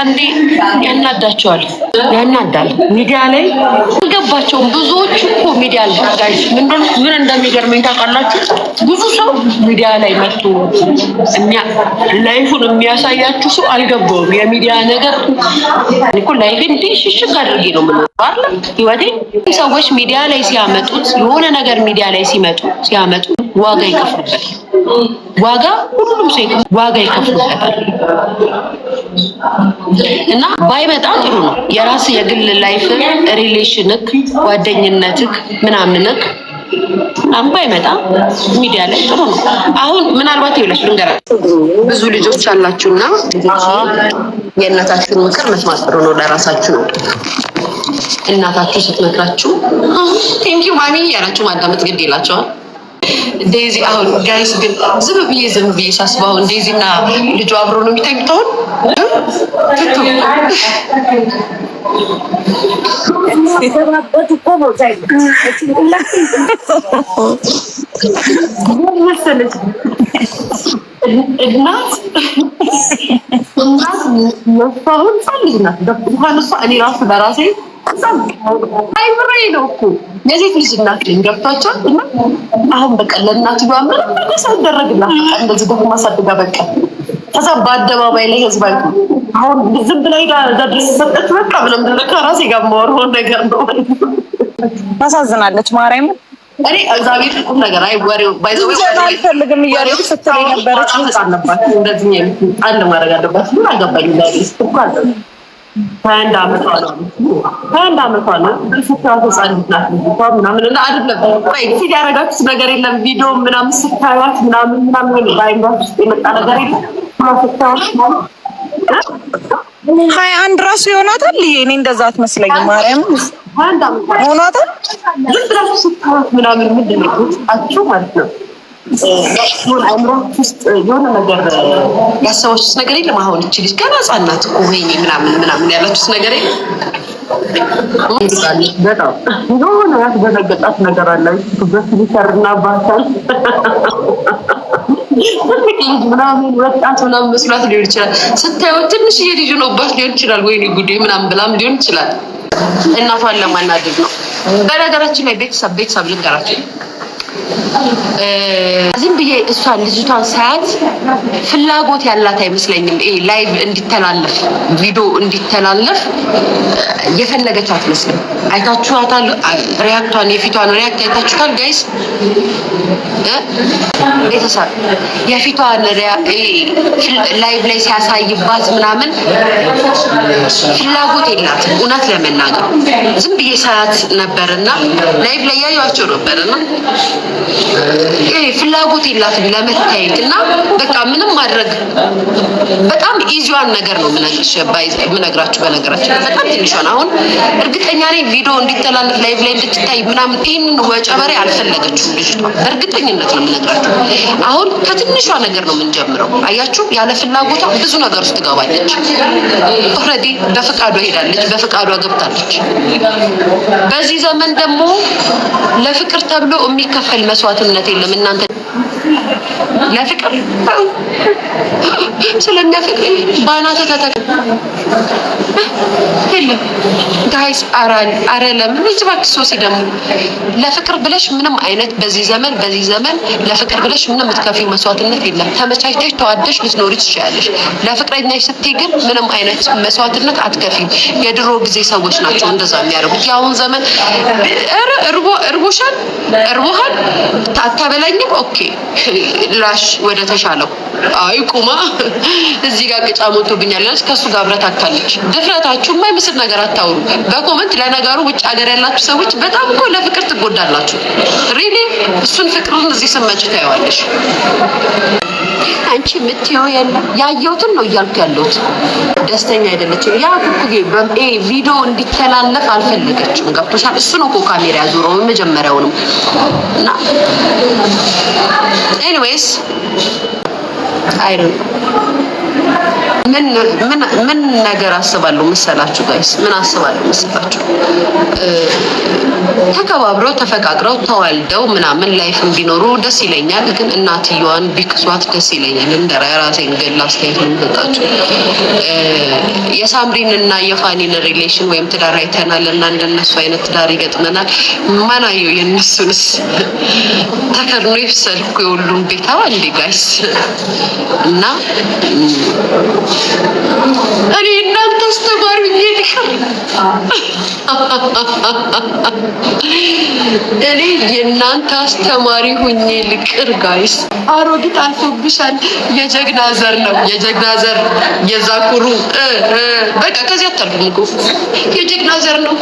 አንዳንዴ ያናዳቸዋል፣ ያናዳል። ሚዲያ ላይ አልገባቸውም። ብዙዎች እኮ ሚዲያ ላይ ምን እንደሚገርመኝ ታውቃላችሁ? ብዙ ሰው ሚዲያ ላይ መጥቶ ላይፉን የሚያሳያችሁ ሰው አልገባውም። የሚዲያ ነገር እኮ ላይፍ ሽሽግ አድርጌ ነው ምንባለ ህይወቴ። ሰዎች ሚዲያ ላይ ሲያመጡት የሆነ ነገር ሚዲያ ላይ ሲመጡ ሲያመጡ ዋጋ ይከፍሉበታል። ዋጋ ሁሉም ሴት ዋጋ ይከፍልበታል እና ባይመጣ ጥሩ ነው። የራስ የግል ላይፍ ሪሌሽንክ፣ ጓደኝነትክ ምናምንክ ምናምን ባይመጣ ሚዲያ ላይ ጥሩ ነው። አሁን ምናልባት ይላችሁ ልንገራችሁ፣ ብዙ ልጆች አላችሁና የእናታችሁን ምክር መስማት ጥሩ ነው። ለራሳችሁ ነው እናታችሁ ስትመክራችሁ ቴንኪው ማሚ እያላችሁ ማዳመጥ ግድ ይላቸዋል። ዴዚ አሁን ጋይስ ግን ዝም ብዬ ዝም ብዬ ሳስበው አሁን ዴዚ እና ልጁ አብሮ ነው የሚተኝተውን እናት እናት መፋሁን ፈልግናት እንኳን እሷ እኔ ራሱ በራሴ አይምሬ ነው እኮ የሴት ልጅ እናት ገብቷቸው እና አሁን በቃ ለእናት ምንም ነገር ሳይደረግላት እንደዚህ ደግሞ ማሳድጋ በቃ ከዛ በአደባባይ ላይ ህዝብ አይ አሁን ዝም ብላ ሄዳ ሰጠች በቃ ብለም ደረካ ራሴ ጋር ማወራው ነገር ነው። ታሳዝናለች ማርያምን እኔ እግዚአብሔር ቁም ነገር አይ ወሬው አልፈልግም እያለች ስትለኝ ነበረች። አንድ ማድረግ አለባት ምን አገባኝ ላይ ስኳ አለ ከአንድ አመቷ ነው ከአንድ አመቷ ነው። ምናምን እና ፊድ ያደረጋችሁት ነገር የለም። ቪዲዮ ምናምን ስታዩት ምናምን ምናምን በአይምሯችሁ ውስጥ የመጣ ነገር የለም። ሀያ አንድ ራሱ ይሆናታል። እኔ እንደዛ አትመስለኝም። ማርያም ሆኗታል። ዝም ብላችሁ ስታዩት ምናምን ምንድን ነው አችሁ ማለት ነው ሆን አእምሮች ውስጥ የሆነ ነገር ያሰባችሁት ነገር የለም? አሁን እች ልጅ ገና ሕፃን እኮ ወይኔ ምናምን ምናምን ያላችሁት ነገር የለም? የሆነ ያስገዘገጣት ነገር አለ። በስሊሰርና ባሳል ትልቅ ልጅ ምናምን ወጣት ምናምን መስሏት ሊሆን ይችላል። ስታየው ትንሽ የልጅ ሆኖባት ሊሆን ይችላል። ወይኔ ጉዴ ምናምን ብላም ሊሆን ይችላል። እናቷን ለማናደድ ነው። በነገራችን ላይ ቤተሰብ ቤተሰብ ልንገራችን ዝም ብዬ እሷን ልጅቷን ሳያት ፍላጎት ያላት አይመስለኝም። ይሄ ላይቭ እንዲተላለፍ ቪዲዮ እንዲተላለፍ የፈለገች አትመስልም። አይታችኋታል? ሪያክቷን፣ የፊቷን ሪያክት አይታችኋል ጋይስ? ቤተሰብ የፊቷን ላይቭ ላይ ሲያሳይባት ምናምን ፍላጎት የላትም። እውነት ለመናገር ዝም ብዬ ሳያት ነበርና ላይቭ ላይ ያዩአቸው ነበርና ፍላጎት የላትም ለመታየት እና በቃ ምንም ማድረግ በጣም ኢዚዋን ነገር ነው የምነግራችሁ። በነገራችን በጣም ትንሿን አሁን እርግጠኛ ነኝ ቪዲዮ እንዲተላለፍ ላይቭ ላይ እንድትታይ ምናምን ይህንን ወጨበሬ አልፈለገችም ልጅቷ። እርግጠኝነት ነው የምነግራችሁ። አሁን ከትንሿ ነገር ነው የምንጀምረው። አያችሁ፣ ያለ ፍላጎቷ ብዙ ነገር ውስጥ ትገባለች። ኦልሬዲ በፍቃዷ ሄዳለች፣ በፍቃዷ ገብታለች። በዚህ ዘመን ደግሞ ለፍቅር ተብሎ የሚከፈል መስዋዕት መስዋዕትነት የለም። እናንተ ለፍቅር ስለነ ፍቅር ባናተ ተተክ የለም ጋይስ። አረ ለምን እባክሽ ሶሲ ደግሞ ለፍቅር ብለሽ ምንም አይነት በዚህ ዘመን በዚህ ዘመን ለፍቅር ብለሽ ምንም የምትከፊው መስዋዕትነት የለም። ተመቻችተሽ ተዋደሽ ልትኖሪ ትችያለሽ። ለፍቅረኛሽ ስትይ ግን ምንም አይነት መስዋዕትነት አትከፊም። የድሮ ጊዜ ሰዎች ናቸው እንደዛ የሚያደርጉት። የአሁን ዘመን እርቦሻል፣ እርቦሃል ታታበላኝም ኦኬ ላሽ ወደ ተሻለው አይ ቁማ እዚህ ጋር ቅጫ ሞቶብኛል ያለች ከእሱ ጋር ብረት አካለች። ድፍረታችሁ የማይመስል ነገር አታውሩ በኮመንት ለነገሩ ውጭ ሀገር ያላችሁ ሰዎች በጣም እኮ ለፍቅር ትጎዳላችሁ። ሪሊ እሱን ፍቅሩን እዚህ ስመጭ ታየዋለች። አንቺ የምትይው የለም ያየሁትን ነው እያልኩ ያለሁት። ደስተኛ አይደለችም። ያ ኩኩጌ በኤ ቪዲዮ እንዲተላለፍ አልፈለገችም። ገብቶሻል? እሱ ነው እኮ ካሜራ ያዞረው መጀመሪያውንም እና ኤኒዌይስ አይደለም። ምን ነገር አስባለሁ መሰላችሁ ጋይስ? ምን አስባለሁ መሰላችሁ? ተከባብረው ተፈቃቅረው ተዋልደው ምናምን ላይፍ ቢኖሩ ደስ ይለኛል። ግን እናትየዋን ቢክሷት ደስ ይለኛል። እንደ ራሴን ገል አስተያየት ነው የምሰጣችሁ። የሳምሪን እና የፋኒን ሪሌሽን ወይም ትዳር አይተናል እና እንደነሱ አይነት ትዳር ይገጥመናል። ማናየው የነሱንስ ተከድኖ ይፍሰልኩ የሁሉም ቤታዋ እንዴ ጋይስ እና እኔ እናንተ አስተማሪኝ ይልሻል እኔ የእናንተ አስተማሪ ሁኜ ልቅር ጋይስ። አሮጊት አልፎብሻል። የጀግና ዘር ነው የጀግና ዘር የዛ ኩሩ በቃ ከዚህ አታልፍም እኮ የጀግና ዘር ነው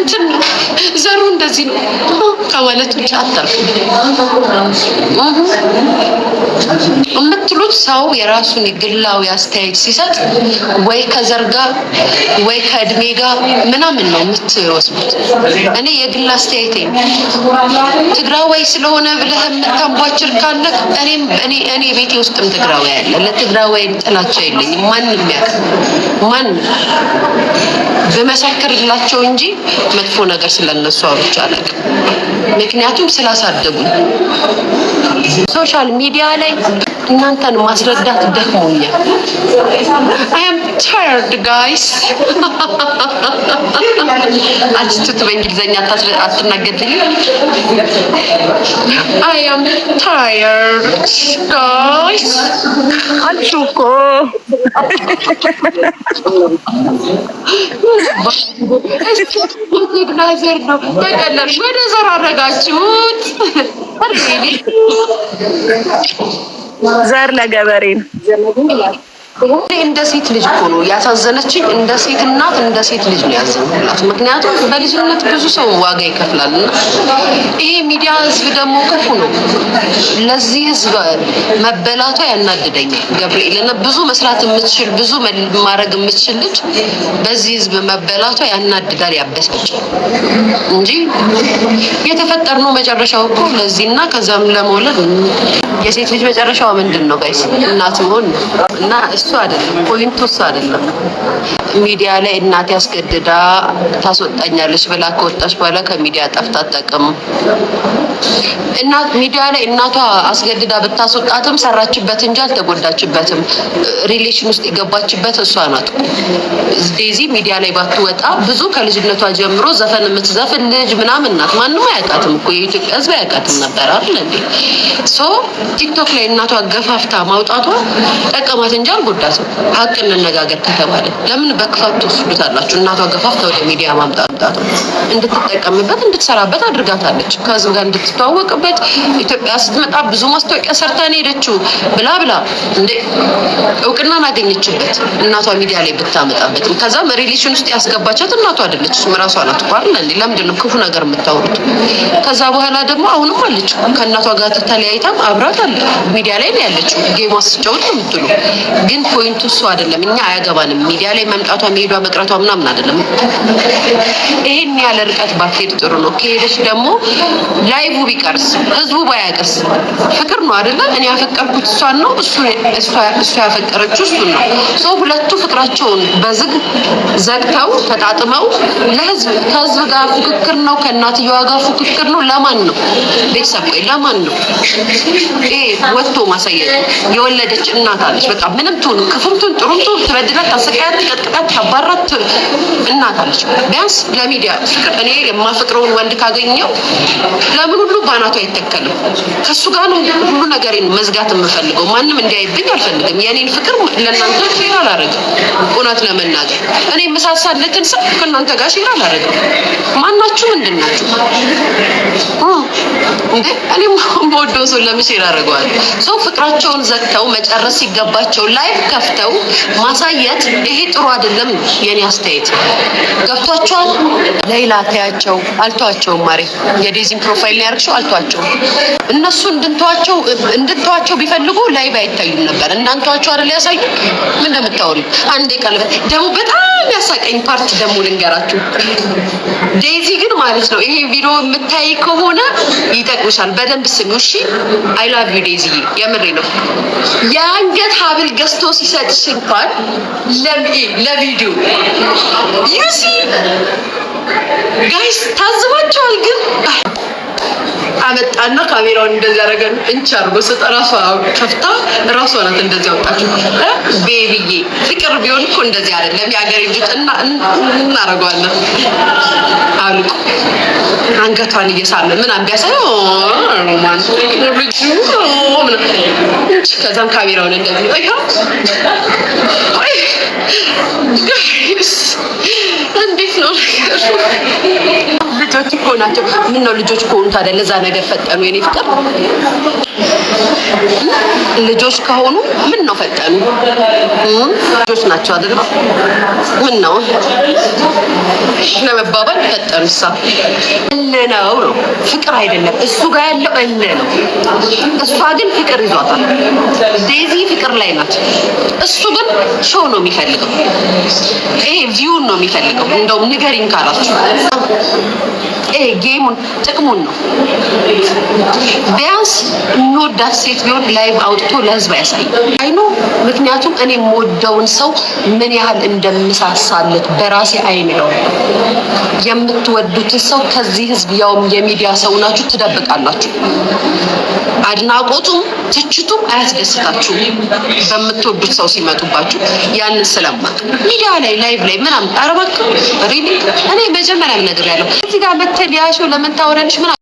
እንትን ነው ዘሩ እንደዚህ ነው ከማለት ብቻ አታልፍም የምትሉት ሰው የራሱን ግላዊ አስተያየት ሲሰጥ ወይ ከዘር ጋር ወይ ከእድሜ ጋር ምናምን ነው የምትወስዱት። እኔ የግል አስተያየቴ ትግራዋይ ስለሆነ ብለህ የምታንቧችር ካለ እኔም እኔ እኔ ቤቴ ውስጥም ትግራዊ ያለ ለትግራዋይ ጥላቻ የለኝም። ማንም ያቅ ማን ብመሰክርላቸው እንጂ መጥፎ ነገር ስለነሱ አውርቼ አላውቅም። ምክንያቱም ስላሳደጉኝ ሶሻል ሚዲያ ላይ እናንተን ማስረዳት ደክሞኛል። አይ አም ታየርድ ጋይስ። አትስቱት በእንግሊዘኛ አትናገድልኝ። አይ አም ታየርድ ጋይስ። አንቺ እኮ ናዘር ነው በቀላል ወደ ዘር አረጋችሁት ዘር ለገበሬ ነው። ሁሌ እንደ ሴት ልጅ እኮ ነው ያሳዘነችኝ። እንደ ሴት እናት፣ እንደ ሴት ልጅ ነው ያዘንኩላት። ምክንያቱም በልጅነት ብዙ ሰው ዋጋ ይከፍላል እና ይሄ ሚዲያ ህዝብ ደግሞ ክፉ ነው። ለዚህ ህዝብ መበላቷ ያናድደኛል። ገብርኤል እና ብዙ መስራት የምትችል ብዙ ማድረግ የምትችል ልጅ በዚህ ህዝብ መበላቷ ያናድዳል፣ ያበሳጫል እንጂ የተፈጠርነው መጨረሻው እኮ ለዚህ እና ከዛም ለመውለድ የሴት ልጅ መጨረሻው ምንድን ነው ጋይስ? እናት መሆን እና እሱ አይደለም ፖይንቱ፣ እሱ አይደለም። ሚዲያ ላይ እናቴ አስገድዳ ታስወጣኛለች ብላ ከወጣች በኋላ ከሚዲያ ጠፍታ አጠቅም እና ሚዲያ ላይ እናቷ አስገድዳ ብታስወጣትም ሰራችበት እንጂ አልተጎዳችበትም። ሪሌሽን ውስጥ የገባችበት እሷ ናት። ዴዚ ሚዲያ ላይ ባትወጣ ብዙ ከልጅነቷ ጀምሮ ዘፈን የምትዘፍን ልጅ ምናምን ናት። ማንም አያውቃትም እኮ የኢትዮጵያ ሕዝብ አያውቃትም ነበር አይደል እንዴ? ሶ ቲክቶክ ላይ እናቷ ገፋፍታ ማውጣቷ ጠቀማት እንጂ የተጎዳ ሰው ሀቅ እንነጋገር ከተባለ ለምን በክፋት ትወስዱታላችሁ? እናቷ ገፋፍታ ወደ ሚዲያ ማምጣት እንድትጠቀምበት እንድትሰራበት አድርጋታለች። ከህዝብ ጋር እንድትተዋወቅበት ኢትዮጵያ ስትመጣ ብዙ ማስታወቂያ ሰርታ ሰርተን ሄደችው ብላ ብላ እንደ እውቅናን አገኘችበት። እናቷ ሚዲያ ላይ ብታመጣበት ከዛ ሪሌሽን ውስጥ ያስገባቻት እናቷ አይደለች ራሷ ናት እኮ አይደል? ለምንድን ነው ክፉ ነገር የምታወሩት? ከዛ በኋላ ደግሞ አሁንም አለች ከእናቷ ጋር ተተለያይታም አብራት አለ ሚዲያ ላይ ነው ያለችው። ጌማ ስጫወት ነው የምትሉ ግን ግን ፖይንቱ እሱ አይደለም። እኛ አያገባንም። ሚዲያ ላይ መምጣቷ መሄዷ መቅረቷ ምናምን አይደለም። ይሄን ያለ ርቀት ባትሄድ ጥሩ ነው። ከሄደች ደግሞ ላይቡ ቢቀርስ ህዝቡ ባያቀርስ ፍቅር ነው አይደለ? እኔ ያፈቀርኩት እሷን ነው፣ እሱ ያፈቀረችው እሱን ነው። ሰው ሁለቱ ፍቅራቸውን በዝግ ዘግተው ተጣጥመው ለህዝብ ከህዝብ ጋር ፉክክር ነው፣ ከእናትየዋ ጋር ፉክክር ነው። ለማን ነው ቤተሰብ? ቆይ ለማን ነው ይሄ ወጥቶ ማሳየት? የወለደች እናት አለች። በቃ ምንም ክፉን ክፉምቱን ጥሩምቱን ትበድላት፣ ታሰቃያት፣ ትቀጥቃት፣ ታባራት እናት አለች። ቢያንስ ለሚዲያ ፍቅር እኔ የማፈቅረውን ወንድ ካገኘው ለምን ሁሉ ባናቱ አይተከልም? ከሱ ጋር ነው ሁሉ ነገሬን መዝጋት የምፈልገው። ማንም እንዲያይብኝ አልፈልግም። የእኔን ፍቅር ለእናንተ ሼር አላረግም። እውነት ለመናገር እኔ የምሳሳለትን ሰው ከእናንተ ጋር ሼር አላረግም። ማናችሁ ምንድን ናችሁ እንዴ? በወደው ሰው ለምን ሼር አደርገዋለሁ? ሰው ፍቅራቸውን ዘግተው መጨረስ ሲገባቸው ላይ ከፍተው ማሳየት ይሄ ጥሩ አይደለም የኔ አስተያየት። ገብቷቸዋል። ሌላ ተያቸው፣ አልተዋቸውም። ማሬ የዴዚን ፕሮፋይል ላይ ያርግሽው አልተዋቸውም። እነሱ እንድንተዋቸው እንድንተዋቸው ቢፈልጉ ላይቭ አይታዩም ነበር። እንዳንተዋቸው አይደል ያሳዩ። ምን እንደምታወሪ አንዴ ቀልበ ደግሞ በጣም ያሳቀኝ ፓርት ደግሞ ልንገራችሁ። ዴዚ ግን ማለት ነው ይሄ ቪዲዮ የምታይ ከሆነ ይጠቅምሻል። በደንብ ስሚ እሺ። አይ ላቭ ዩ ዴዚ፣ የምሬ ነው። የአንገት ሀብል ገዝቶ ሲሰጥሽ እንኳን ለቪዲዮ ዩሲ ጋይስ ታዝባቸዋል ግን አመጣና ካሜራውን እንደዚህ ያደረገን እንቺ አድርጎ ስጥ ራሷ ከፍታ ራሷ ናት እንደዚህ አወጣችሁ። ቤቢዬ ፍቅር ቢሆን እኮ እንደዚህ አይደለም። የሀገር ልጅ እና እናደርገዋለን አልቁ አንገቷን እየሳመ ምናምን ቢያሳይ ሮማን ልጁ እንቺ ከዛም ካሜራውን እንደዚህ ይኸው እንዴት ነው ልጆች እኮ ናቸው። ምነው ልጆች ከሆኑ ታዲያ ለዛ ነገር ፈጠኑ? የኔ ፍቅር ልጆች ከሆኑ ምን ነው ፈጠኑ? ልጆች ናቸው አይደል? ምን ነው ለመባባል ፈጠኑ? ሳ እልህ ነው ነው ፍቅር አይደለም። እሱ ጋር ያለው እልህ ነው። እሷ ግን ፍቅር ይዟታል። ፍቅር ላይ ናት። እሱ ግን ሾው ነው የሚፈልገው፣ ይሄ ቪውን ነው የሚፈልገው። እንደውም ንገሪኝ ካላችሁ ይሄ ጌሙን ጥቅሙን ነው። ቢያንስ የሚወዳት ሴት ቢሆን ላይቭ አውጥቶ ለህዝብ ያሳይ አይኖ። ምክንያቱም እኔ የምወደውን ሰው ምን ያህል እንደምሳሳለት በራሴ አይን ነው የምትወዱትን ሰው ከዚህ ህዝብ ያውም የሚዲያ ሰው ናችሁ ትደብቃላችሁ። አድናቆቱም ትችቱም አያስደስታችሁ በምትወዱት ሰው ሲመጡባችሁ ያንን ስለማቅ ሚዲያ ላይ ላይቭ ላይ ምናምን አረባክ እኔ መጀመሪያ ነገር ያለው እዚህ ጋር መተሊያሾ ለምን ታወሪያለሽ?